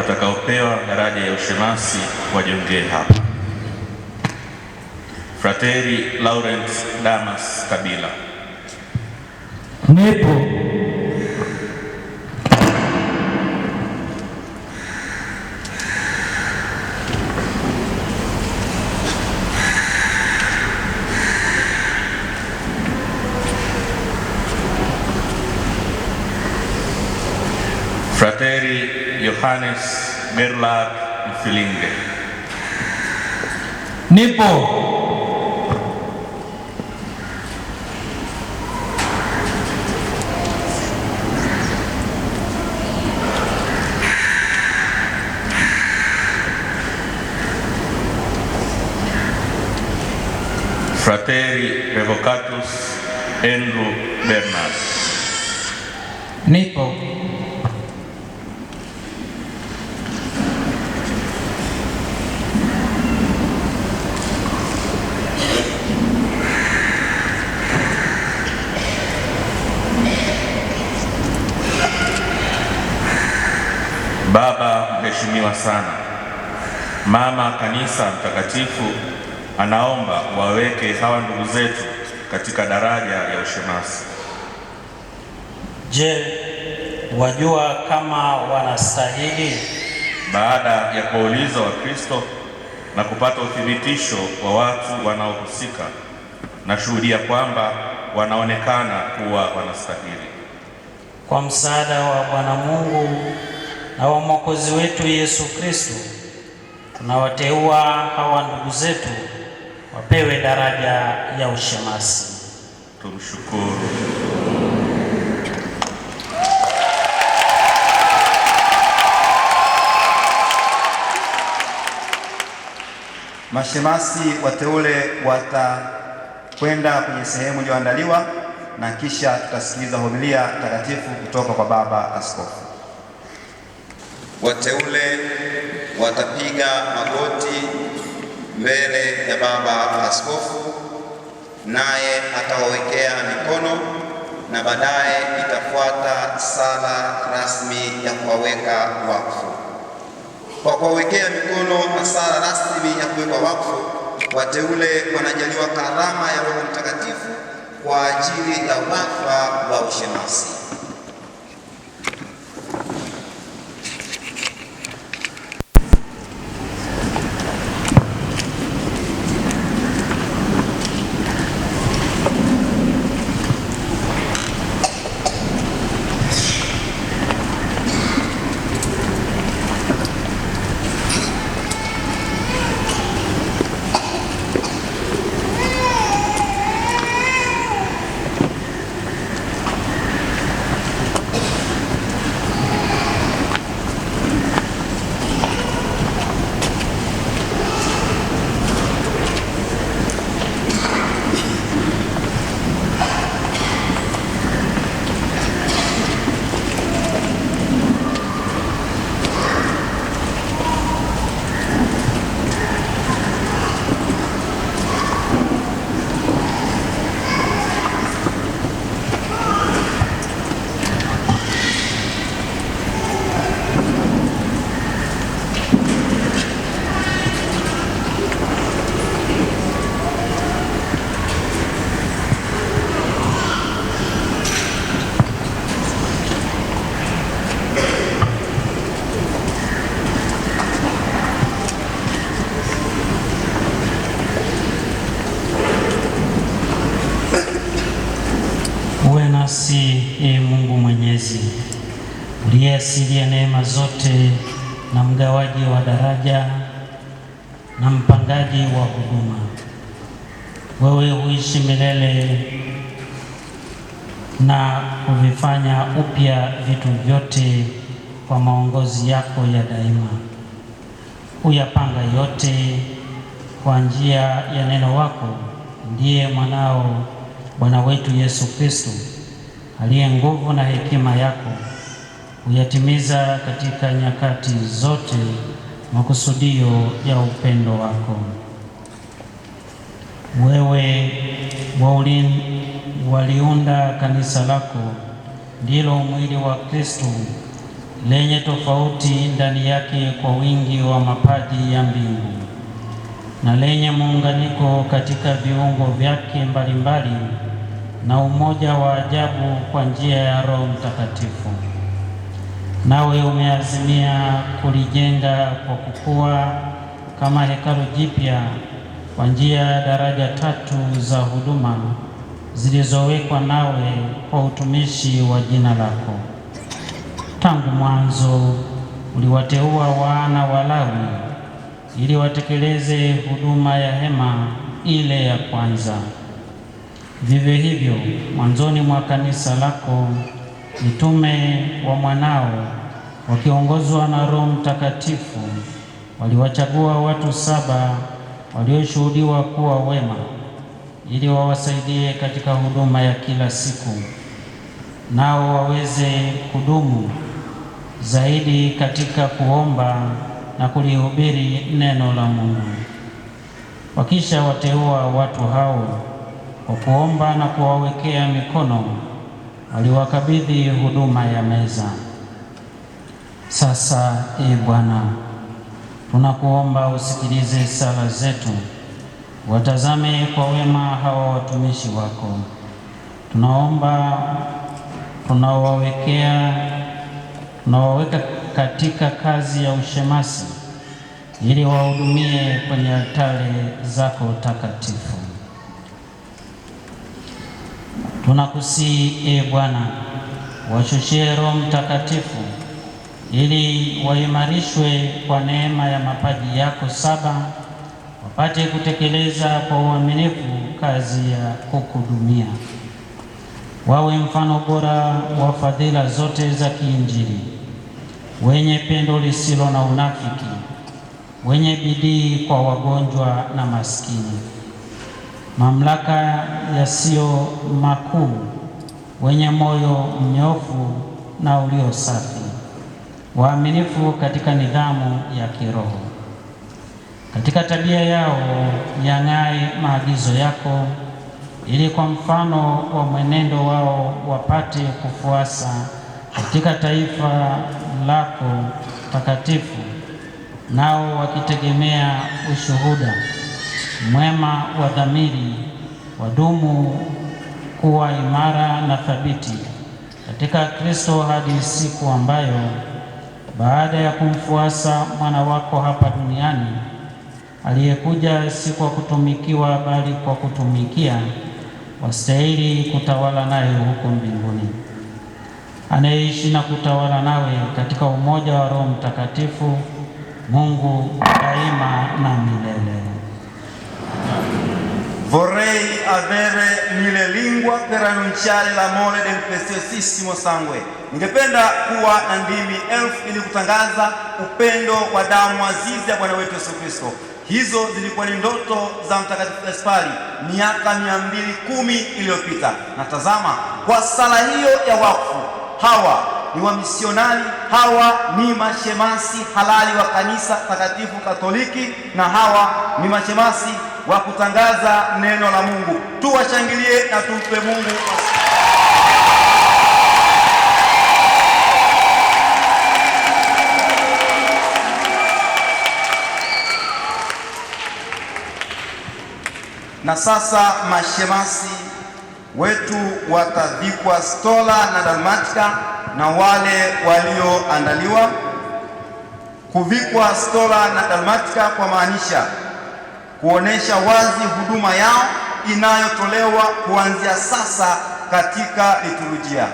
watakaopewa daraja ya ushemasi wajongee hapa. Frateri Lawrence Damas Kabila. Nipo. Frateri Johannes Gerlach Filinge. Nipo. Frateri Revocatus Andrew Bernard. Nipo. kuheshimiwa sana. Mama Kanisa Mtakatifu anaomba waweke hawa ndugu zetu katika daraja ya ushemasi. Je, wajua kama wanastahili? Baada ya kuwauliza Wakristo na kupata uthibitisho wa watu wanaohusika, nashuhudia kwamba wanaonekana kuwa wanastahili. Kwa msaada wa Bwana Mungu na Mwokozi wetu Yesu Kristo, tunawateua hawa ndugu zetu wapewe daraja ya ushemasi. Tumshukuru. Mashemasi wateule watakwenda kwenye sehemu iliyoandaliwa na kisha tutasikiliza homilia takatifu kutoka kwa Baba Askofu wateule watapiga magoti mbele ya Baba Askofu, naye atawawekea mikono na baadaye itafuata sala rasmi ya kuwaweka wakfu. Kwa kuwawekea mikono na sala rasmi ya kuweka wakfu, wateule wanajaliwa karama ya Roho Mtakatifu kwa ajili ya wafa wa ushemasi. na mgawaji wa daraja na mpangaji wa huduma. Wewe huishi milele na kuvifanya upya vitu vyote kwa maongozi yako ya daima. Huyapanga yote kwa njia ya neno wako, ndiye mwanao Bwana wetu Yesu Kristo aliye nguvu na hekima yako uyatimiza katika nyakati zote makusudio ya upendo wako. Wewe waulin waliunda kanisa lako, ndilo mwili wa Kristo lenye tofauti ndani yake kwa wingi wa mapadi ya mbingu na lenye muunganiko katika viungo vyake mbalimbali na umoja wa ajabu kwa njia ya Roho Mtakatifu nawe umeazimia kulijenga kwa kukua kama hekalu jipya kwa njia ya daraja tatu za huduma zilizowekwa nawe kwa utumishi wa jina lako. Tangu mwanzo uliwateua wana wa Lawi ili watekeleze huduma ya hema ile ya kwanza. Vivyo hivyo mwanzoni mwa kanisa lako mitume wa mwanao wakiongozwa na Roho Mtakatifu waliwachagua watu saba walioshuhudiwa kuwa wema ili wawasaidie katika huduma ya kila siku, nao waweze kudumu zaidi katika kuomba na kulihubiri neno la Mungu. Wakisha wateua watu hao kwa kuomba na kuwawekea mikono aliwakabidhi huduma ya meza. Sasa e Bwana, tunakuomba usikilize sala zetu, watazame kwa wema hawa watumishi wako, tunaomba tunawawekea tunawaweka katika kazi ya ushemasi, ili wahudumie kwenye altare zako takatifu. Tunakusii e Bwana, wachochee Roho Mtakatifu ili waimarishwe kwa neema ya mapaji yako saba, wapate kutekeleza kwa uaminifu kazi ya kukudumia wawe mfano bora wa fadhila zote za kiinjili, wenye pendo lisilo na unafiki, wenye bidii kwa wagonjwa na maskini mamlaka yasiyo makuu, wenye moyo mnyofu na ulio safi, waaminifu katika nidhamu ya kiroho, katika tabia yao yang'ae maagizo yako, ili kwa mfano wa mwenendo wao wapate kufuasa katika taifa lako takatifu, nao wakitegemea ushuhuda mwema wa dhamiri wadumu kuwa imara na thabiti katika Kristo hadi siku ambayo baada ya kumfuasa mwana wako hapa duniani aliyekuja si kwa kutumikiwa bali kwa kutumikia, wastahili kutawala naye huko mbinguni, anayeishi na kutawala nawe katika umoja wa Roho Mtakatifu, Mungu daima na milele vorrei avere mille lingua per annunciare l'amore del preziosissimo sangue, ningependa kuwa na ndimi elfu ili kutangaza upendo wa damu azizi ya Bwana wetu Yesu Kristo. Hizo zilikuwa ni ndoto za Mtakatifu Gaspari miaka mia mbili kumi iliyopita, na tazama, kwa sala hiyo ya wakfu hawa ni wamisionari hawa ni mashemasi halali wa kanisa takatifu Katoliki, na hawa ni mashemasi wa kutangaza neno la Mungu. Tuwashangilie na tumpe Mungu na sasa mashemasi wetu watavikwa stola na dalmatika na wale walioandaliwa kuvikwa stola na dalmatika, kwa maanisha kuonesha wazi huduma yao inayotolewa kuanzia sasa katika liturujia.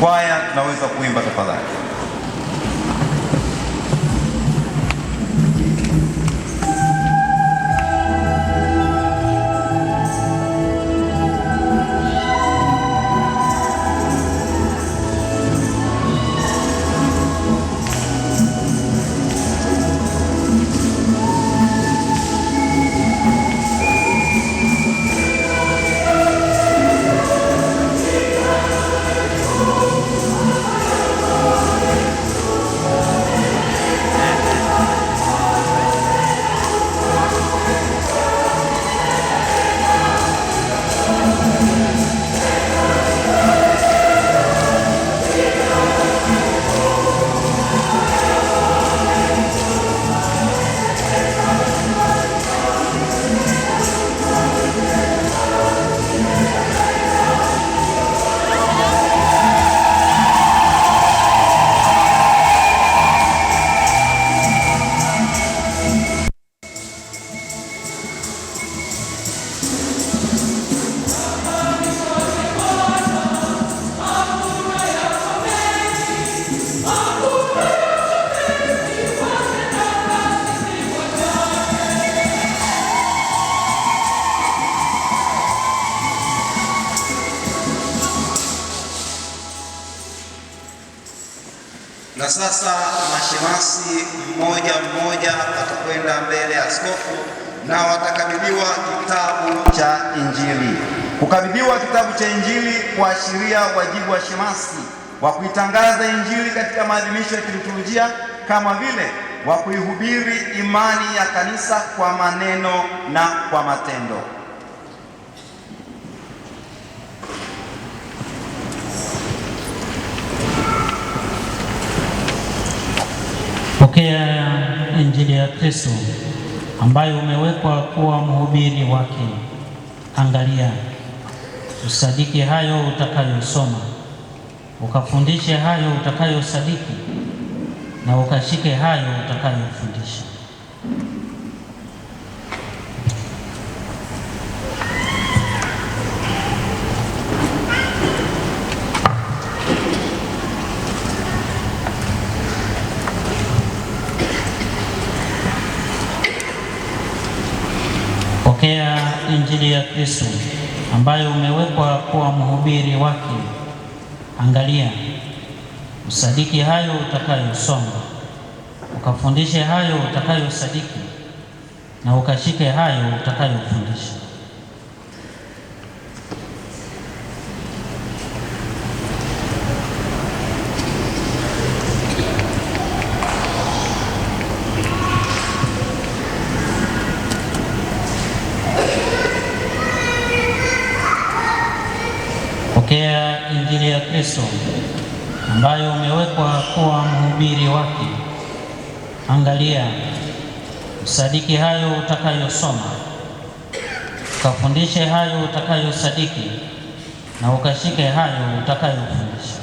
Kwaya tunaweza kuimba tafadhali. pamoja atakwenda mbele ya askofu na watakabidhiwa kitabu cha Injili. Kukabidhiwa kitabu cha Injili kuashiria wajibu wa shemasi wa kuitangaza Injili katika maadhimisho ya kiliturujia kama vile wa kuihubiri imani ya kanisa kwa maneno na kwa matendo. Pokea okay. Injili ya Kristo ambayo umewekwa kuwa mhubiri wake. Angalia, usadiki hayo utakayosoma, ukafundishe hayo utakayosadiki, na ukashike hayo utakayofundisha. Pokea Injili ya Kristo ambayo umewekwa kuwa mhubiri wake. Angalia, usadiki hayo utakayosoma, ukafundishe hayo utakayosadiki, na ukashike hayo utakayofundisha. Efeso, ambayo umewekwa kuwa mhubiri wake. Angalia, usadiki hayo utakayosoma, ukafundishe hayo utakayosadiki, na ukashike hayo utakayofundisha.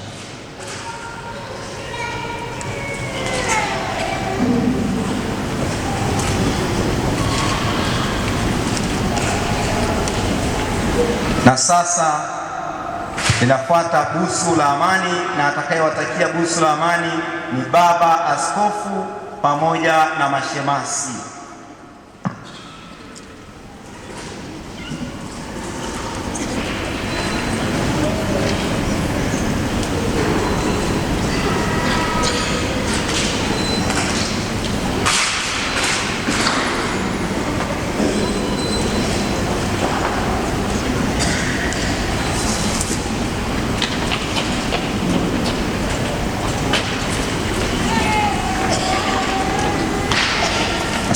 Na sasa Linafuata busu la amani, na atakayewatakia busu la amani ni baba askofu pamoja na mashemasi.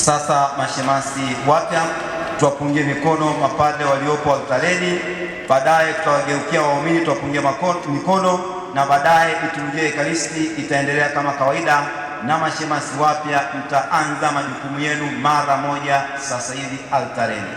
Sasa mashemasi wapya, tuwapungie mikono mapadre waliopo altareni, baadaye tutawageukia waumini tuwapungie mikono, na baadaye iturujia Ekaristi itaendelea kama kawaida, na mashemasi wapya mtaanza majukumu yenu mara moja sasa hivi altareni.